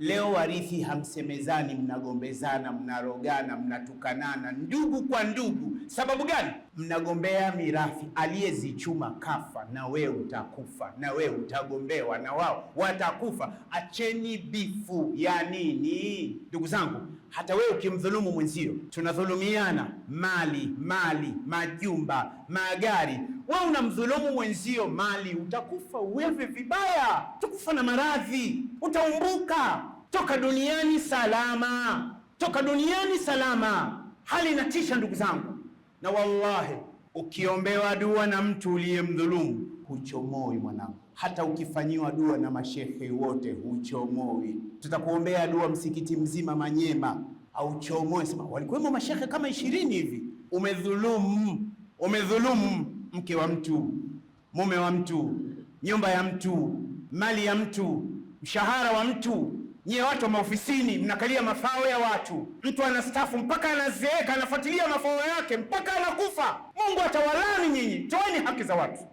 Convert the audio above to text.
Leo warithi hamsemezani, mnagombezana, mnarogana, mnatukanana ndugu kwa ndugu. Sababu gani? Mnagombea mirathi. Aliyezichuma kafa, na wewe utakufa, na wewe utagombewa, na wao watakufa. Acheni bifu ya nini? Ndugu zangu, hata wewe ukimdhulumu mwenzio, tunadhulumiana mali, mali, majumba, magari wewe unamdhulumu mwenzio mali, utakufa uwevi vibaya, utakufa na maradhi, utaumbuka, toka duniani salama, toka duniani salama. Hali inatisha ndugu zangu, na wallahi ukiombewa dua na mtu uliyemdhulumu huchomoi mwanangu, hata ukifanyiwa dua na mashehe wote huchomoi. Tutakuombea dua msikiti mzima Manyema au sema walikuwemo mashehe kama ishirini hivi. Umedhulumu, umedhulumu mke wa mtu, mume wa mtu, nyumba ya mtu, mali ya mtu, mshahara wa mtu. Nyie watu wa maofisini mnakalia mafao ya watu. Mtu anastafu mpaka anazeeka, anafuatilia mafao yake mpaka anakufa. Mungu atawalani nyinyi. Toeni haki za watu.